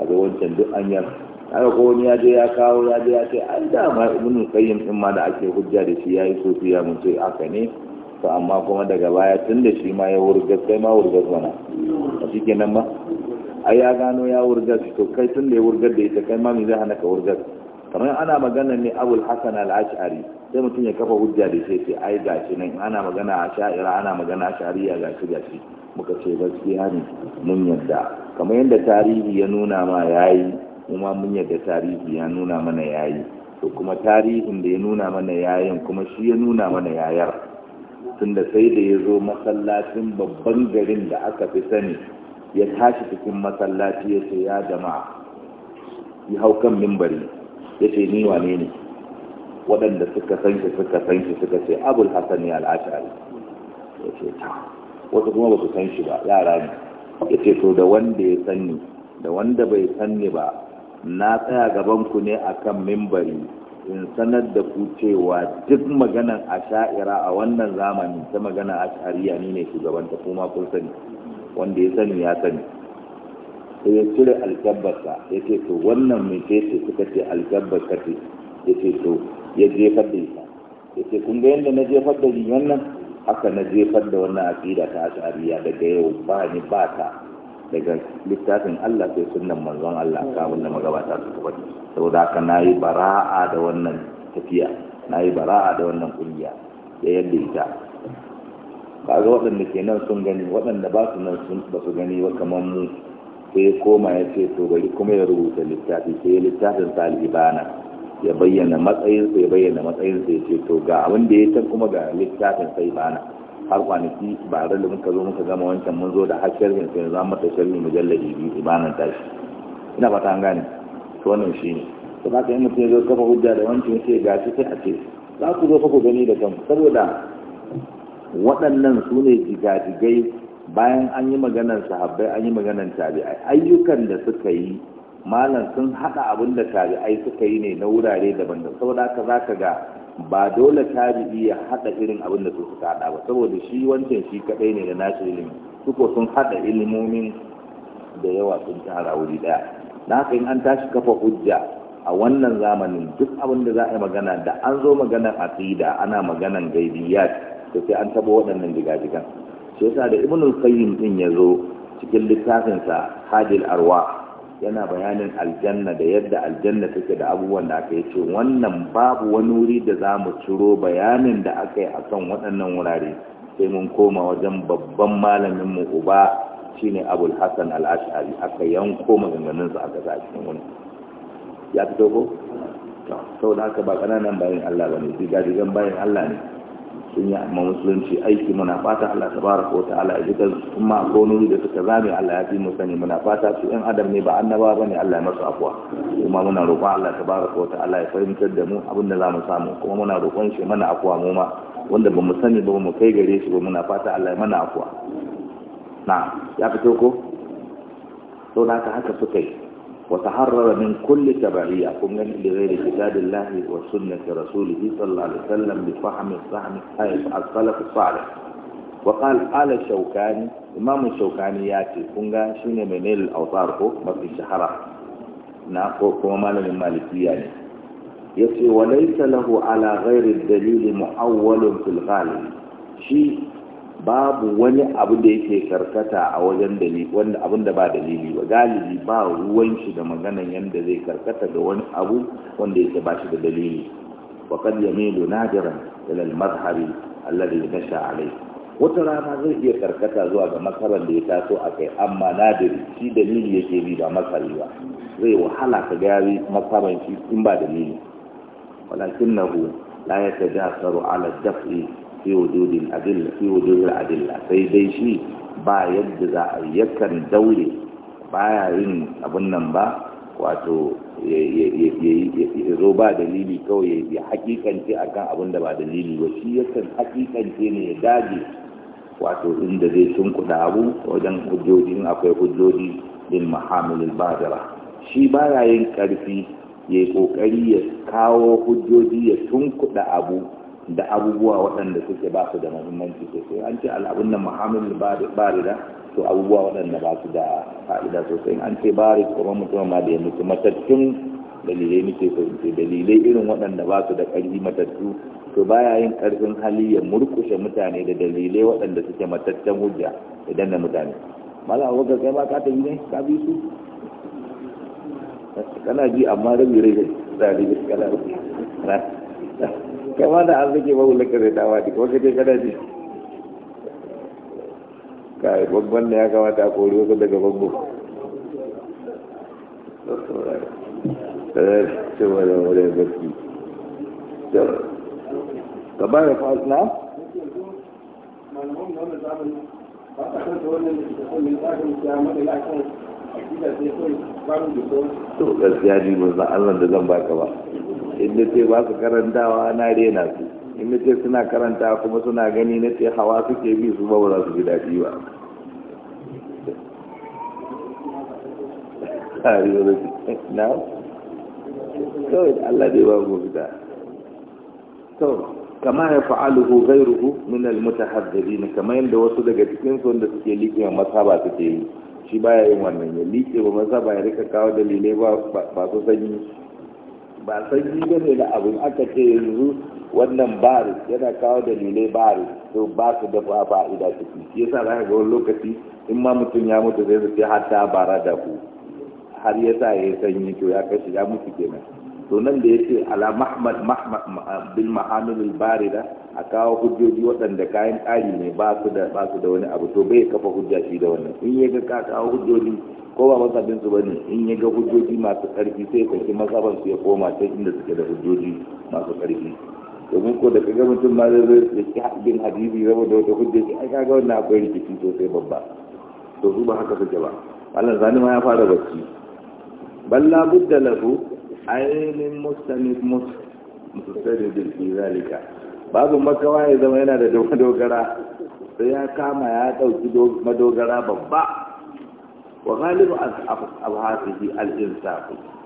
S1: kaga wancan duk an yar kaga ko wani ya je ya kawo ya je ya ce ai da ma ibn qayyim din ma da ake hujja da shi yayi sufiya mun ce aka ne to amma kuma daga baya tun da shi ma ya wurga kai ma wurga mana a nan ma ai ya gano ya wurga to kai tun da ya wurgar da ita kai ma mi zai hana ka wurgar kamar ana magana ne abul hasan al-ash'ari sai mutum ya kafa hujja da shi sai ai gashi nan ana magana a sha'ira ana magana a ash'ariya gashi gashi muka ce gaskiya ne mun yadda kamar yadda tarihi ya nuna ma yayi kuma mun yadda tarihi ya nuna mana yayi to kuma tarihin da ya nuna mana yayin kuma shi ya nuna mana yayar tunda sai da ya zo masallacin babban garin da aka fi sani ya tashi cikin masallaci ya ce ya jama'a yi hau kan mimbari ya ce ni wane ne waɗanda suka san shi suka san shi suka ce abul ya ne al'ashari ya ce ta wasu kuma ba su san shi ba yara ne ya ce to da wanda ya sanni da wanda bai sanni ba na tsaya gaban ku ne akan mimbari in sanar da ku cewa duk maganan asha'ira a wannan zamani ta magana ashariya ni ne shugabanta kuma kun sani wanda ya sani ya sani sai ya cire sa ya ce to wannan mai ce suka ce alkabbar ce ya ce to ya jefar da ita ya ce kun ga yadda na jefar da riyan nan haka na jefar da wannan aqida ta ash'ariya daga yau ba ni ba ta daga littafin Allah sai sunnan manzon Allah ka da magabata su faɗi saboda haka nayi bara'a da wannan tafiya nayi bara'a da wannan kungiya da yadda ita kaga waɗanda ke nan sun gani waɗanda ba su nan sun ba su gani ba kamar mu sai ya koma ya ce to bari kuma ya rubuta littafi sai ya littafin sa al'ibana ya bayyana matsayin ya bayyana matsayin ya ce to ga abin da ya ta kuma ga littafin sa ibana har kwanaki ba da muka zo muka gama wancan mun zo da har sharhin sai za mu ta sharhi mujalladi biyu ibanan tashi ina fata an gane to wannan shi ne. to ba ka yi mutum ya zo kafa hujja da wancan ya ce ga shi sai a ce za ku zo fa ku gani da kanku saboda waɗannan su ne jigajigai bayan an yi maganar sahabbai an yi maganar tabi'ai ayyukan da suka yi malam sun haɗa abin da tabi'ai suka yi ne na wurare daban da saboda ka za ka ga ba dole tabi'i ya haɗa irin abin da su suka haɗa ba saboda shi wancan shi kaɗai ne da nasu ilimi su ko sun haɗa ilimomin da yawa sun tara wuri daya da haka in an tashi kafa hujja a wannan zamanin duk abin da za a yi magana da an zo maganar aqida ana maganar gaibiyat to sai an taɓa waɗannan jigajigan shi yasa da ibn al-qayyim din yazo cikin littafin sa hadil arwa yana bayanin aljanna da yadda aljanna take da abubuwan da aka yace wannan babu wani wuri da zamu ciro bayanin da aka yi akan waɗannan wurare sai mun koma wajen babban malamin mu uba shine abul hasan al-ash'ari aka yanko maganganun sa aka sa cikin wani ya fito ko to saboda haka ba kananan bayin Allah bane sai gajigan bayin Allah ne sun yi amma musulunci aiki muna fata Allah tabaraka wa ta'ala ya jika kuma gononi da suka zame Allah ya fi mu sani muna fata su yan adam ne ba annaba ne Allah ya masu afuwa, kuma muna roƙon Allah tabaraka wa ta'ala ya fahimtar da mu abin da zamu samu kuma muna roƙon shi mana afuwa mu ma wanda bamu sani ba mu kai gare shi ba muna fata Allah ya mana afuwa, na ya fito ko to haka suka yi وتحرر من كل تبعية قمنا لغير كتاب الله وسنة رسوله صلى الله عليه وسلم بفهم الصحم السلف الصالح وقال آل الشوكاني إمام الشوكاني ياتي كونغا شنو من الأوطار كو في الشهرة ناقو كوما من المالكية يسي وليس له على غير الدليل محول في الغالب شيء babu wani abu da yake karkata a wajen dalili wanda abin da ba dalili ba galibi ba ruwan shi da maganan yanda zai karkata ga wani abu wanda yake ba shi da dalili wa na yamilu nadiran ila al-madhhabi alladhi nasha alayhi wata rana zai iya karkata zuwa ga masaran da ya taso a kai amma nadiri shi dalili yake bi ba masari ba zai wahala ka yayi masaran shi in ba dalili walakinnahu la yatajasaru ala dafi fi wujudin adilla fi wujudin adilla sai dai shi ba yadda za a yakan daure baya yin abun nan ba wato ya ba dalili kawai ya hakikance akan abin da ba dalili ba shi yakan hakikance ne ya dage wato inda zai tunkuda abu wajen hujjoji in akwai hujjoji din mahamilin badara shi baya yin karfi ya kokari ya kawo hujjoji ya tunkuda abu da abubuwa waɗanda suke ba su da muhimmanci sosai an ce al'abun nan bari da to abubuwa waɗanda ba su da fa'ida sosai an ce bari kuma mutum ma da ya mutu matattun dalilai muke so in ce dalilai irin waɗanda ba su da ƙarfi matattu to baya yin ƙarfin hali ya murkushe mutane da dalilai waɗanda suke matattun hujja idan na mutane mala abokan kai ba ka ta yi ne ka bi su kana ji amma rabi rai da tsari kana kama da arziki ba wula kare dawa ne ko kaje kada ji kai babban ne ya kamata a kori wasu daga babbo da eh, wurin gaski ka ba da fa'as na to gaskiya ji ba Allah da zan baka ba in na ce ba su karantawa na rena su in na ce suna karanta kuma suna gani na ce hawa suke bi su ba su ji daɗi ba na kawai da Allah dai ba mu fita to kama ya fa'aluhu ghayruhu min al-mutahaddirin kama yadda wasu daga cikin su wanda suke liƙe ba suke yi shi baya yin wannan ya liƙe ba ya rika kawo dalilai ba su sanyi ba sanyi ba ne na abin aka ce yanzu wannan bari yana kawo dalilai bari to ba su da fa'ida ciki shi yasa za ka ga wani lokaci in ma mutum ya mutu zai zace har ta bara da ku har yasa ya yi sanyi to ya kashi ya mutu kenan to nan da yake ala mahmad mahmad ah, bil ma'amil barida a kawo hujjoji waɗanda kayan ƙari ne ba su da ba su da wani abu to bai kafa hujja shi da wannan in ya ga ka kawo hujjoji ko ba mazhabin su bane in ya ga hujjoji masu ƙarfi sai ka ki mazaban su ya koma sai inda suke da hujjoji masu ƙarfi domin ko da kaga mutum ma zai zai ki haɗin hadisi saboda wata hujjoji shi ai kaga wannan akwai rikici sosai babba to su ba haka suke ba Allah zani ma ya fara bacci balla budda lahu ainihin mustanid mustanidin fi zalika babu makawa ya zama yana da madogara sai ya kama ya ɗauki madogara babba wa galibu abhasihi al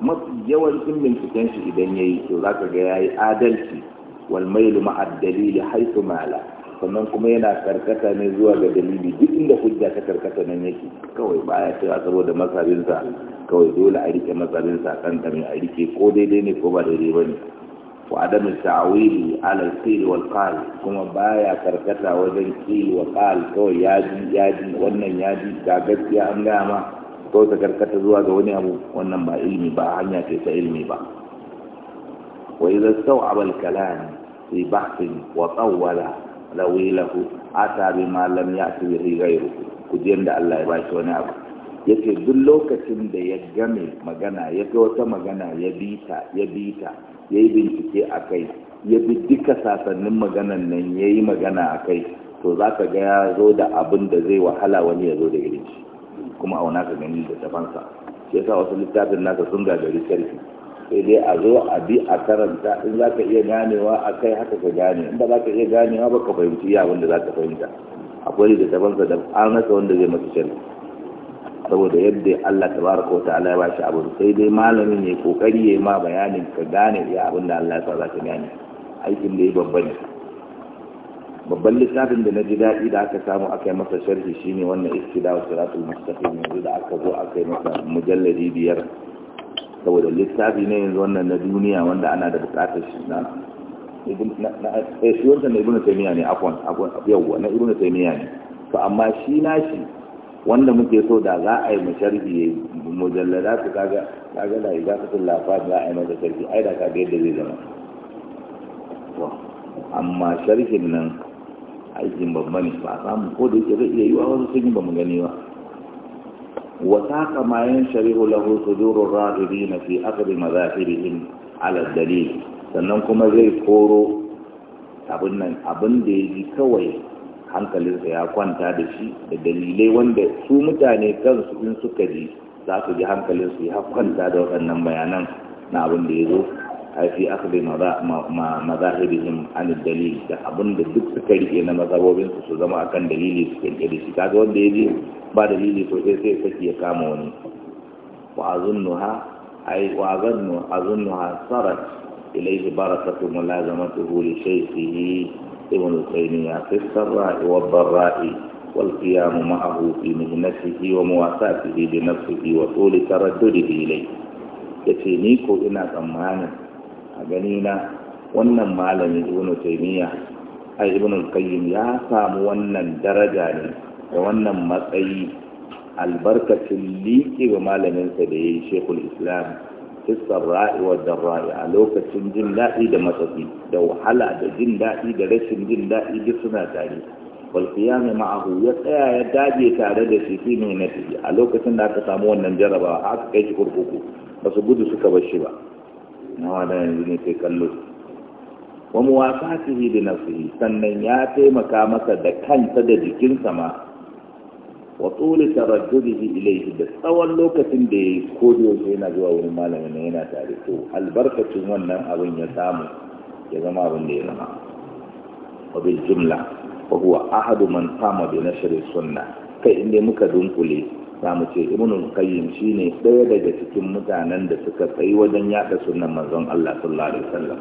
S1: mafi yawancin binciken shi idan yayi to ka ga yi adalci walmailu ma'addali da haifu mala sannan kuma yana karkata ne zuwa ga dalili duk inda hujja ta karkata nan yake kawai baya cewa saboda masabinsa kawai dole a rike masabinsa a kan dame a rike ko daidai ne ko ba daidai ba ne wa adamu ta'wili ala qil wal qal kuma baya karkata wajen qil wa qal kawai yaji yaji wannan yaji ga gaskiya an gaya ma kawai ta karkata zuwa ga wani abu wannan ba ilimi ba hanya ce ta ilimi ba wa idza staw'aba al kalam fi bahth wa tawwala lawilahu ata bi ma lam ya'ti bihi ghayru kujen da Allah ya bashi wani abu yace duk lokacin da ya game magana ya ga wata magana ya bita ya bita yayi bincike akai ya bi duka sasannin maganan nan yayi magana akai to zaka ga ya zo da abin da zai wahala wani ya zo da irin shi kuma auna ka gani da tafansa shi yasa wasu littafin nasa sun gagari sarki sai dai a zo a bi a karanta in za ka iya ganewa a kai haka ka gane in ba za ka iya ganewa ba ka fahimci ya wanda za ka fahimta akwai da tabansa da haka wanda zai masu shari saboda yadda Allah ta tabaraka ko ta'ala ya bashi abu sai dai malamin ne kokari ya ma bayanin ka gane ya abin da Allah ya sa za ka gane aikin da ya babba ne babban littafin da na ji daɗi da aka samu aka yi masa sharhi shine wannan istidawa suratul mustaqim yanzu da aka zo aka yi masa mujalladi biyar saboda littafi ne yanzu wannan na duniya wanda ana da bukatar shi na eh shi wannan na ibnu taymiya ne akwai yau yawwa na ibnu taymiya ne to amma shi na shi wanda muke so da za a yi ya mujallar mujallada su kaga kaga da su tullafa za a yi masa sharhi ai da kaga yadda zai zama to amma sharfin nan aikin babba ne ba samu ko da yake zai iya yi wa wasu sun yi ba mu gani ba وساق ما ينشره له صدور الراغبين في أقر مذاهبهم على الدليل sannan kuma zai koro abin da ya ji kawai hankalinsa ya kwanta da shi da dalilai wanda su mutane kansu in suka ji za su ji hankalinsu ya kwanta da waɗannan bayanan na abin da ya zo ai fi akhdi mazahibihim an dalil da abin da duk suka rike na mazhabobin su su zama akan dalili su kike da shi kaga wanda yaji ba dalili to sai sai saki ya kama wani wa azunnuha ai wa azunnu azunnuha sarat ilayhi barakatu mulazamatuhu li shaykhihi ibn taymiyyah fi sarra'i wa dharra'i والقيام معه في مهنته ومواساته لنفسه وطول تردده إليه yace ni ko ina tsammanin gani na wannan malami ibnu taymiya ai ibnu qayyim ya samu wannan daraja ne da wannan matsayi albarkacin liki ga malaminsa da yayi yi islam fisar ra'i wa darra'i a lokacin jin daɗi da matsayi da wahala da jin daɗi da rashin jin daɗi duk suna tare qiyam ma'ahu ya tsaya ya dage tare da shi na mai a lokacin da aka samu wannan jarabawa aka kai shi kurkuku ba su gudu suka bar shi ba na wada yanzu ne sai kallo wa muwafatihi bi yi sannan ya taimaka masa da kanta da jikinsa ma wa tuli tarajjudihi ilayhi da tsawon lokacin da yayi ko da yaushe yana zuwa wurin malamin na yana tare to albarkacin wannan abin ya samu ya zama abin da ya zama wa bil jumla wa ahadu man qama bi nashri sunnah kai inda muka dunkule za mu ce ibnul shi shine ɗaya daga cikin mutanen da suka tsayi wajen yada sunnan manzon Allah sallallahu alaihi wasallam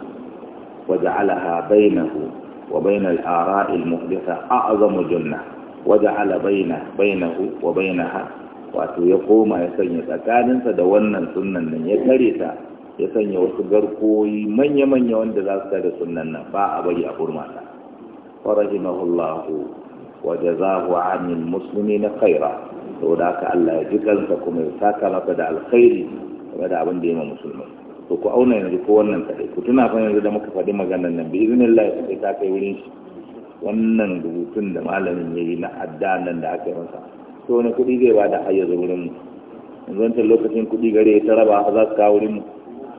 S1: waja'alaha bainahu wa bainal ara'il muhditha a'zamu janna waja'ala baina bainahu wa bainaha wato ya koma ya sanya tsakaninsa da wannan sunnan nan ya kare ta ya sanya wasu garkoyi manya-manya wanda za su da sunan nan ba a bari a burmata farahimahullahu wa jazahu anil muslimina khaira saboda haka Allah ya ji kansa kuma ya saka masa da alkhairi game da abin da ya ma musulmai to ku auna yanzu ko wannan kadai ku tuna fa yanzu da muka faɗi maganar nan bi iznillah ku kai ta kai wurin shi wannan rubutun da malamin ya yi na adda nan da aka yi masa to wani kuɗi zai bada da yanzu wurin mu yanzu wancan lokacin kuɗi gare ta raba za su kawo wurin mu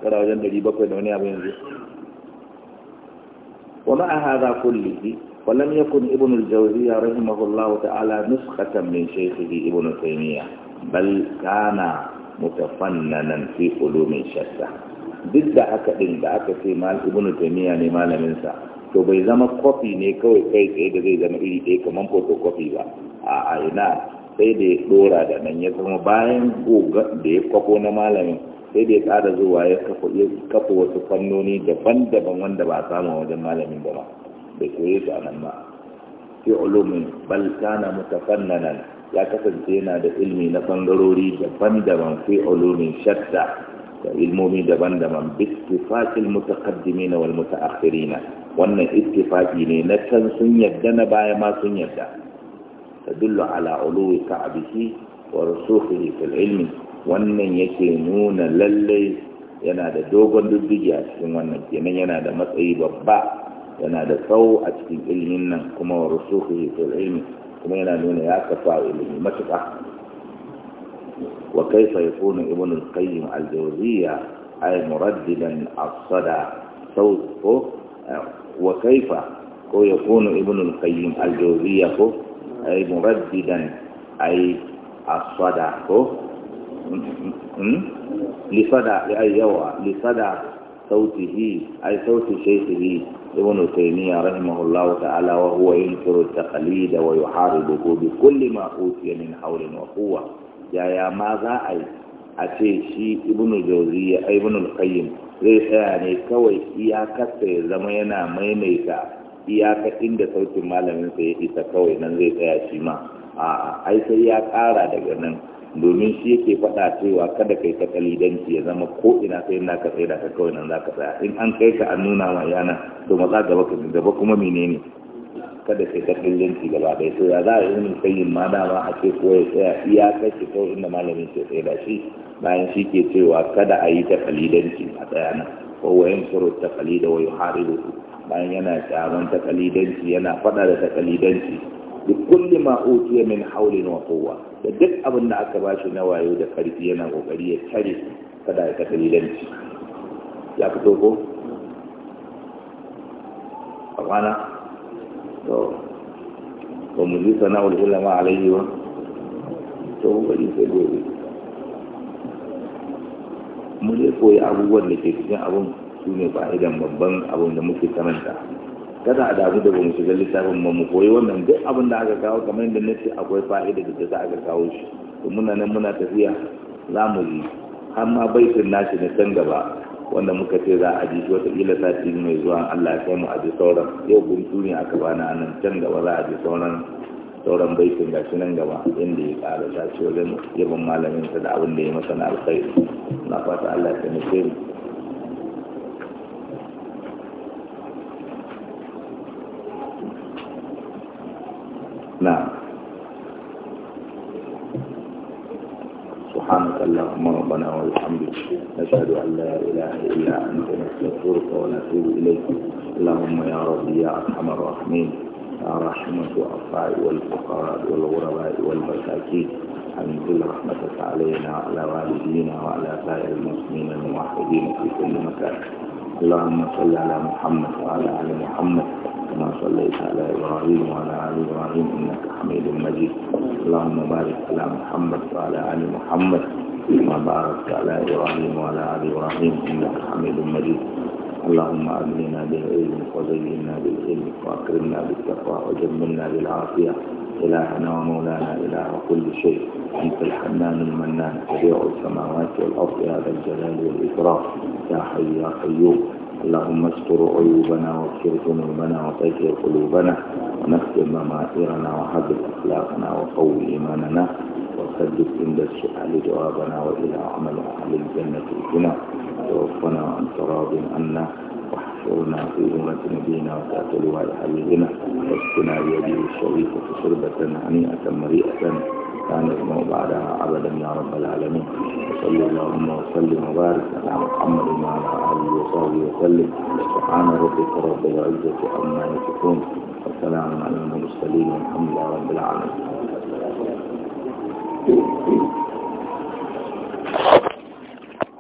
S1: tara wajen ɗari bakwai da wani abin yanzu wa ma'a hadha kullihi ولم يكن ابن الجوزية رحمه الله تعالى نسخة من شيخه ابن تيمية بل كان متفننا في علوم شتى duk da haka ɗin da aka ce mal ibnu taymiya ne malaminsa to bai zama kwafi ne kawai kai tsaye da zai zama iri ɗaya kamar photocopy ba a ina sai da ya ɗora da nan ya zama bayan goga da ya kwafo na malamin sai da ya ƙara zuwa ya kafa wasu fannoni daban-daban wanda ba a samu wajen malamin ba بكريت عن ما في علوم بل كان متفننا يا كفن تينا دا علمي نفنغروري دبان دمان في علوم شتى دا علمومي دبان دمان باتفاق المتقدمين والمتأخرين وأن اتفاقين نتن كان سنية دانا باية ما سنية دا تدل على علو كعبه ورسوخه في العلم وانا يكينون للي ينا دا دوغن دو دجاج وانا ينا دا مسئي ببا yana da tsawo a cikin ilimin nan kuma wa rusuhu fil ilmi kuma yana nuna ya kafa ilimi matuƙa wa kaifa yakunu ibn al-qayyim al-jawziyya ay muraddidan as-sada sawtu wa kaifa ko yakunu ibn al-qayyim al-jawziyya ko ay muraddidan ay as-sada ko hmm? lisada ay yawa lisada sautihi ay sauti shaykhihi ibn taymiya rahimahullahu ta'ala wa huwa yunkiru da wa yuharibuhu bi kulli ma utiya min hawlin wa quwwa yaya ma za a a ce shi ibn jawziya ibn al-qayyim zai tsaya ne kawai iyakarsa ya zama yana maimaita iyaka inda sautin malamin sa ya isa kawai nan zai tsaya shi ma a'a ai sai ya ƙara daga nan domin shi yake faɗa cewa kada kai ta kalidanci ya zama ko ina sai na ka tsaya ka kawai nan za ka tsaya in an kai ka an nuna ma yana to maza gaba ka gaba kuma menene kada kai ta kalidanci gaba dai to ya za a yi min kayin ma dama a ce ko ya tsaya iya kashi ko inda malamin ke tsaya da shi bayan shi ke cewa kada a yi ta kalidanci a tsaya nan ko wayan furo ta kalida wa haribu bayan yana shaban ta kalidanci yana faɗa da ta kalidanci da kulli ma utiya min hawlin wa kowa da duk abin da aka bashi na wayo da karfi yana kokari ya tare kada ya kasa lilanci ya fito ko a kwana to ba mu ji sana ulama alaihi ba to kokari sai gobe mu ne koyi abubuwan da ke cikin abun su ne fa'idan babban abin da muke karanta kada a damu da bamu shiga littafin ba mu koyi wannan duk abin da aka kawo kamar yadda nace akwai fa'ida da ta sa aka kawo shi to muna nan muna tafiya za mu yi har ma baitin nashi na can gaba wanda muka ce za a ji shi wataƙila sati mai zuwa Allah ya kai mu a ji sauran yau guntu ne aka bani a nan can gaba za a ji sauran sauran baitin ga shi nan gaba inda ya ƙara tashi wajen yabon malamin sa da abin da ya masa na alkhairi na fata Allah ya taimake mu نعم سبحانك اللهم ربنا والحمد نشهد أن لا إله إلا أنت نستغفرك ونتوب إليك اللهم يا رب يا أرحم الراحمين يا رحمة الضعفاء والفقراء والغرباء والمساكين أنزل رحمتك علينا وعلى والدينا وعلى سائر المسلمين الموحدين في كل مكان اللهم صل على محمد وعلى آل محمد كما صليت على إبراهيم وعلى آل إبراهيم إنك حميد مجيد اللهم بارك على محمد وعلى آل محمد كما باركت على إبراهيم وعلى آل إبراهيم إنك حميد مجيد اللهم أغننا بالعلم وزينا بالعلم وأكرمنا بالتقوى وجملنا بالعافية إلهنا ومولانا إله كل شيء أنت الحنان المنان تبيع السماوات والأرض هذا الجلال والإكرام يا حي يا قيوم اللهم استر عيوبنا واغفر ذنوبنا وطهر قلوبنا ونسلم ممائرنا وحبب أخلاقنا وقوي إيماننا وسدد عند السؤال جوابنا وإلى عمل أهل الجنة بنا توفنا عن تراض عنا واحشرنا في أمة نبينا وتأت لواء حبيبنا واسقنا بيده الشريفة شربة هنيئة مريئة كان نسمع بعدها أبدا يا رب العالمين صلى اللهم وسلم وبارك على محمد وعلى آله وصحبه وسلم سبحان ربك رب العزة عما يصفون والسلام على المرسلين والحمد لله رب العالمين Thank you.